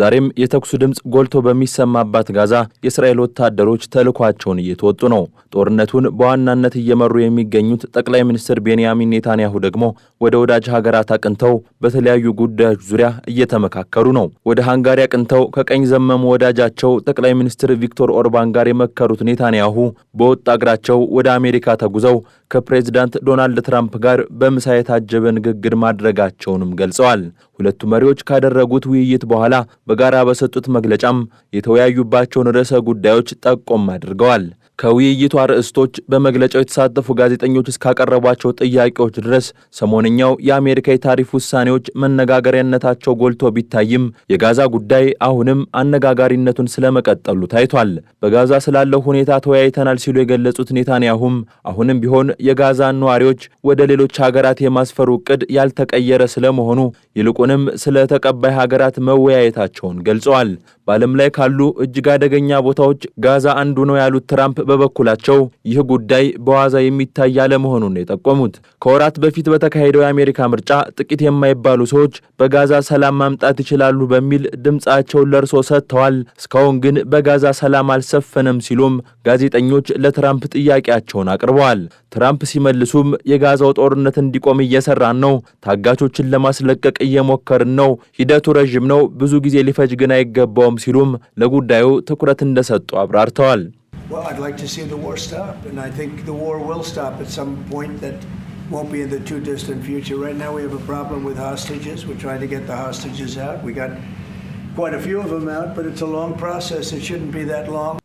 ዛሬም የተኩሱ ድምፅ ጎልቶ በሚሰማባት ጋዛ የእስራኤል ወታደሮች ተልኳቸውን እየተወጡ ነው። ጦርነቱን በዋናነት እየመሩ የሚገኙት ጠቅላይ ሚኒስትር ቤንያሚን ኔታንያሁ ደግሞ ወደ ወዳጅ ሀገራት አቅንተው በተለያዩ ጉዳዮች ዙሪያ እየተመካከሩ ነው። ወደ ሃንጋሪ አቅንተው ከቀኝ ዘመሙ ወዳጃቸው ጠቅላይ ሚኒስትር ቪክቶር ኦርባን ጋር የመከሩት ኔታንያሁ በወጣ እግራቸው ወደ አሜሪካ ተጉዘው ከፕሬዚዳንት ዶናልድ ትራምፕ ጋር በምሳ የታጀበ ንግግር ማድረጋቸውንም ገልጸዋል። ሁለቱ መሪዎች ካደረጉት ውይይት በኋላ በጋራ በሰጡት መግለጫም የተወያዩባቸውን ርዕሰ ጉዳዮች ጠቆም አድርገዋል። ከውይይቱ አርዕስቶች በመግለጫው የተሳተፉ ጋዜጠኞች እስካቀረቧቸው ጥያቄዎች ድረስ ሰሞንኛው የአሜሪካ የታሪፍ ውሳኔዎች መነጋገሪያነታቸው ጎልቶ ቢታይም የጋዛ ጉዳይ አሁንም አነጋጋሪነቱን ስለመቀጠሉ ታይቷል። በጋዛ ስላለው ሁኔታ ተወያይተናል ሲሉ የገለጹት ኔታንያሁም አሁንም ቢሆን የጋዛን ነዋሪዎች ወደ ሌሎች ሀገራት የማስፈሩ እቅድ ያልተቀየረ ስለመሆኑ ይልቁንም ስለ ተቀባይ ሀገራት መወያየታቸውን ገልጸዋል። በዓለም ላይ ካሉ እጅግ አደገኛ ቦታዎች ጋዛ አንዱ ነው ያሉት ትራምፕ በበኩላቸው ይህ ጉዳይ በዋዛ የሚታይ አለመሆኑን የጠቆሙት ከወራት በፊት በተካሄደው የአሜሪካ ምርጫ ጥቂት የማይባሉ ሰዎች በጋዛ ሰላም ማምጣት ይችላሉ በሚል ድምፃቸውን ለእርሶ ሰጥተዋል። እስካሁን ግን በጋዛ ሰላም አልሰፈነም ሲሉም ጋዜጠኞች ለትራምፕ ጥያቄያቸውን አቅርበዋል። ትራምፕ ሲመልሱም የጋዛው ጦርነት እንዲቆም እየሰራን ነው፣ ታጋቾችን ለማስለቀቅ እየሞከርን ነው፣ ሂደቱ ረዥም ነው፣ ብዙ ጊዜ ሊፈጅ ግን አይገባውም አይሆንም ሲሉም ለጉዳዩ ትኩረት እንደሰጡ አብራርተዋል። ን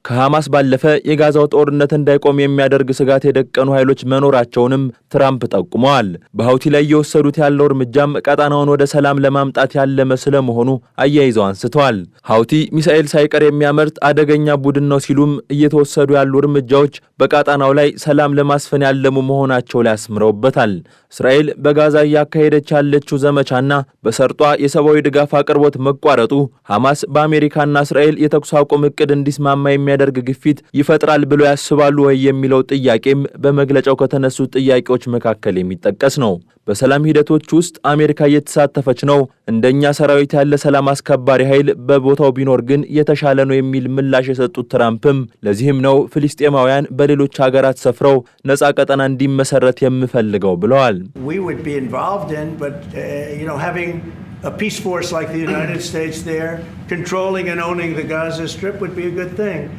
ከሐማስ ባለፈ የጋዛው ጦርነት እንዳይቆም የሚያደርግ ስጋት የደቀኑ ኃይሎች መኖራቸውንም ትራምፕ ጠቁመዋል። በሀውቲ ላይ እየወሰዱት ያለው እርምጃም ቀጣናውን ወደ ሰላም ለማምጣት ያለመ ስለመሆኑ አያይዘው አንስተዋል። ሀውቲ ሚሳኤል ሳይቀር የሚያመርት አደገኛ ቡድን ነው ሲሉም እየተወሰዱ ያሉ እርምጃዎች በቀጣናው ላይ ሰላም ለማስፈን ያለሙ መሆናቸው ላይ አስምረውበታል። እስራኤል በጋዛ እያካሄደች ያለችው ዘመቻና በሰርጧ የሰብአዊ ድጋፍ አቅርቦት መቋረጡ ሐማስ በአሜሪካና እስራኤል የተኩስ አቁም እቅድ እንዲስማማ የሚያደርግ ግፊት ይፈጥራል ብለው ያስባሉ ወይ የሚለው ጥያቄም በመግለጫው ከተነሱ ጥያቄዎች መካከል የሚጠቀስ ነው። በሰላም ሂደቶች ውስጥ አሜሪካ እየተሳተፈች ነው። እንደኛ ሰራዊት ያለ ሰላም አስከባሪ ኃይል በቦታው ቢኖር ግን የተሻለ ነው የሚል ምላሽ የሰጡት ትራምፕም ለዚህም ነው ፍልስጤማውያን በሌሎች ሀገራት ሰፍረው ነጻ ቀጠና እንዲመሰረት የምፈልገው ብለዋል። a peace force like the United States there, controlling and owning the Gaza Strip would be a good thing.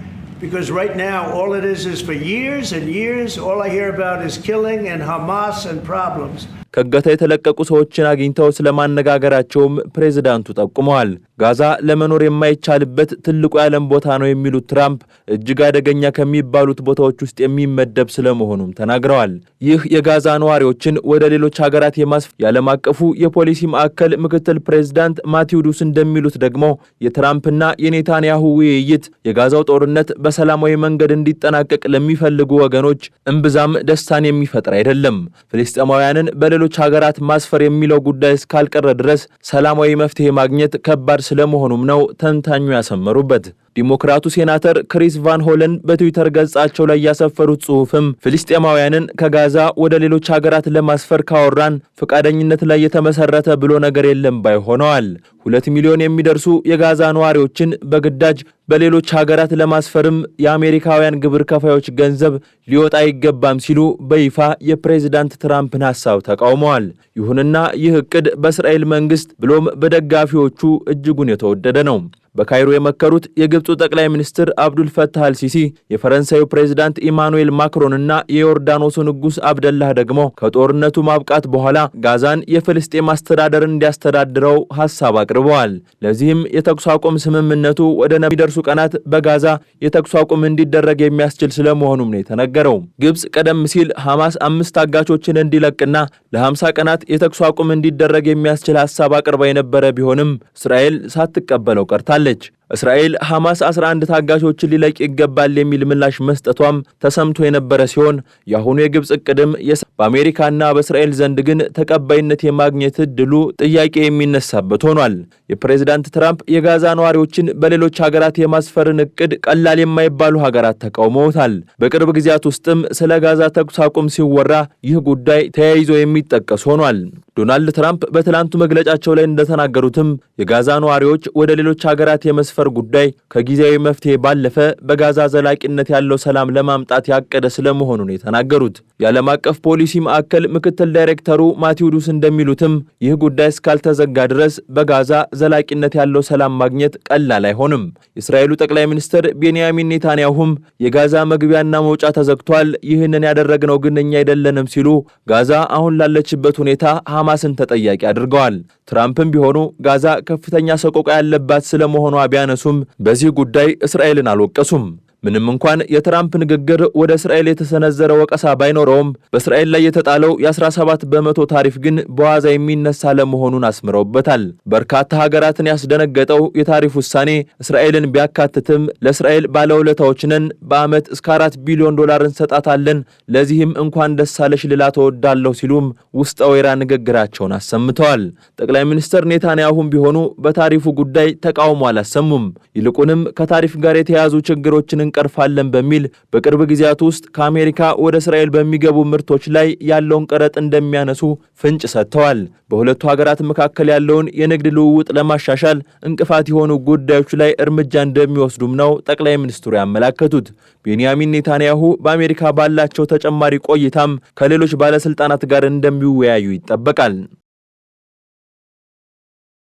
Because right now, all it is is for years and years, all I hear about is killing and Hamas and problems. ከእገታ የተለቀቁ ሰዎችን አግኝተው ስለማነጋገራቸውም ፕሬዝዳንቱ ጠቁመዋል። ጋዛ ለመኖር የማይቻልበት ትልቁ የዓለም ቦታ ነው የሚሉት ትራምፕ እጅግ አደገኛ ከሚባሉት ቦታዎች ውስጥ የሚመደብ ስለመሆኑም ተናግረዋል። ይህ የጋዛ ነዋሪዎችን ወደ ሌሎች ሀገራት የማስፈ የዓለም አቀፉ የፖሊሲ ማዕከል ምክትል ፕሬዝዳንት ማቲውዱስ እንደሚሉት ደግሞ የትራምፕና የኔታንያሁ ውይይት የጋዛው ጦርነት በሰላማዊ መንገድ እንዲጠናቀቅ ለሚፈልጉ ወገኖች እምብዛም ደስታን የሚፈጥር አይደለም። ፍልስጤማውያንን በሌሎ በሌሎች ሀገራት ማስፈር የሚለው ጉዳይ እስካልቀረ ድረስ ሰላማዊ መፍትሄ ማግኘት ከባድ ስለመሆኑም ነው ተንታኙ ያሰመሩበት። ዲሞክራቱ ሴናተር ክሪስ ቫን ሆለን በትዊተር ገጻቸው ላይ ያሰፈሩት ጽሑፍም ፍልስጤማውያንን ከጋዛ ወደ ሌሎች ሀገራት ለማስፈር ካወራን ፈቃደኝነት ላይ የተመሰረተ ብሎ ነገር የለም ባይ ሆነዋል። ሁለት ሚሊዮን የሚደርሱ የጋዛ ነዋሪዎችን በግዳጅ በሌሎች ሀገራት ለማስፈርም የአሜሪካውያን ግብር ከፋዮች ገንዘብ ሊወጣ አይገባም ሲሉ በይፋ የፕሬዝዳንት ትራምፕን ሀሳብ ተቃውመዋል። ይሁንና ይህ ዕቅድ በእስራኤል መንግስት ብሎም በደጋፊዎቹ እጅጉን የተወደደ ነው። በካይሮ የመከሩት የግብፁ ጠቅላይ ሚኒስትር አብዱል ፈታህ አልሲሲ የፈረንሳዩ ፕሬዚዳንት ኢማኑኤል ማክሮን እና የዮርዳኖሱ ንጉሥ አብደላህ ደግሞ ከጦርነቱ ማብቃት በኋላ ጋዛን የፍልስጤም አስተዳደር እንዲያስተዳድረው ሀሳብ አቅርበዋል። ለዚህም የተኩስ አቁም ስምምነቱ ወደ የሚደርሱ ቀናት በጋዛ የተኩስ አቁም እንዲደረግ የሚያስችል ስለመሆኑም ነው የተነገረው። ግብፅ ቀደም ሲል ሐማስ አምስት አጋቾችን እንዲለቅና ለ ቀናት የተኩስ አቁም እንዲደረግ የሚያስችል ሀሳብ አቅርባ የነበረ ቢሆንም እስራኤል ሳትቀበለው ቀርታል። knowledge እስራኤል ሐማስ 11 ታጋቾችን ሊለቅ ይገባል የሚል ምላሽ መስጠቷም ተሰምቶ የነበረ ሲሆን የአሁኑ የግብፅ እቅድም በአሜሪካና በእስራኤል ዘንድ ግን ተቀባይነት የማግኘት እድሉ ጥያቄ የሚነሳበት ሆኗል። የፕሬዚዳንት ትራምፕ የጋዛ ነዋሪዎችን በሌሎች ሀገራት የማስፈርን እቅድ ቀላል የማይባሉ ሀገራት ተቃውመውታል። በቅርብ ጊዜያት ውስጥም ስለ ጋዛ ተኩስ አቁም ሲወራ ይህ ጉዳይ ተያይዞ የሚጠቀስ ሆኗል። ዶናልድ ትራምፕ በትላንቱ መግለጫቸው ላይ እንደተናገሩትም የጋዛ ነዋሪዎች ወደ ሌሎች ሀገራት የመስፈር የማስፈር ጉዳይ ከጊዜያዊ መፍትሄ ባለፈ በጋዛ ዘላቂነት ያለው ሰላም ለማምጣት ያቀደ ስለመሆኑ ነው የተናገሩት። የዓለም አቀፍ ፖሊሲ ማዕከል ምክትል ዳይሬክተሩ ማቲውዱስ እንደሚሉትም ይህ ጉዳይ እስካልተዘጋ ድረስ በጋዛ ዘላቂነት ያለው ሰላም ማግኘት ቀላል አይሆንም። የእስራኤሉ ጠቅላይ ሚኒስትር ቤንያሚን ኔታንያሁም የጋዛ መግቢያና መውጫ ተዘግቷል፣ ይህንን ያደረግነው ግን እኛ አይደለንም ሲሉ ጋዛ አሁን ላለችበት ሁኔታ ሐማስን ተጠያቂ አድርገዋል። ትራምፕም ቢሆኑ ጋዛ ከፍተኛ ሰቆቃ ያለባት ስለመሆኗ ቢያነ ባያነሱም በዚህ ጉዳይ እስራኤልን አልወቀሱም። ምንም እንኳን የትራምፕ ንግግር ወደ እስራኤል የተሰነዘረ ወቀሳ ባይኖረውም በእስራኤል ላይ የተጣለው የ17 በመቶ ታሪፍ ግን በዋዛ የሚነሳ ለመሆኑን አስምረውበታል። በርካታ ሀገራትን ያስደነገጠው የታሪፍ ውሳኔ እስራኤልን ቢያካትትም ለእስራኤል ባለውለታዎች ነን፣ በዓመት እስከ 4 ቢሊዮን ዶላር እንሰጣታለን፣ ለዚህም እንኳን ደሳለሽ ልላ ተወዳለሁ ሲሉም ውስጠ ወይራ ንግግራቸውን አሰምተዋል። ጠቅላይ ሚኒስትር ኔታንያሁም ቢሆኑ በታሪፉ ጉዳይ ተቃውሞ አላሰሙም። ይልቁንም ከታሪፍ ጋር የተያያዙ ችግሮችን እንቀርፋለን በሚል በቅርብ ጊዜያት ውስጥ ከአሜሪካ ወደ እስራኤል በሚገቡ ምርቶች ላይ ያለውን ቀረጥ እንደሚያነሱ ፍንጭ ሰጥተዋል። በሁለቱ ሀገራት መካከል ያለውን የንግድ ልውውጥ ለማሻሻል እንቅፋት የሆኑ ጉዳዮች ላይ እርምጃ እንደሚወስዱም ነው ጠቅላይ ሚኒስትሩ ያመላከቱት። ቤንያሚን ኔታንያሁ በአሜሪካ ባላቸው ተጨማሪ ቆይታም ከሌሎች ባለስልጣናት ጋር እንደሚወያዩ ይጠበቃል።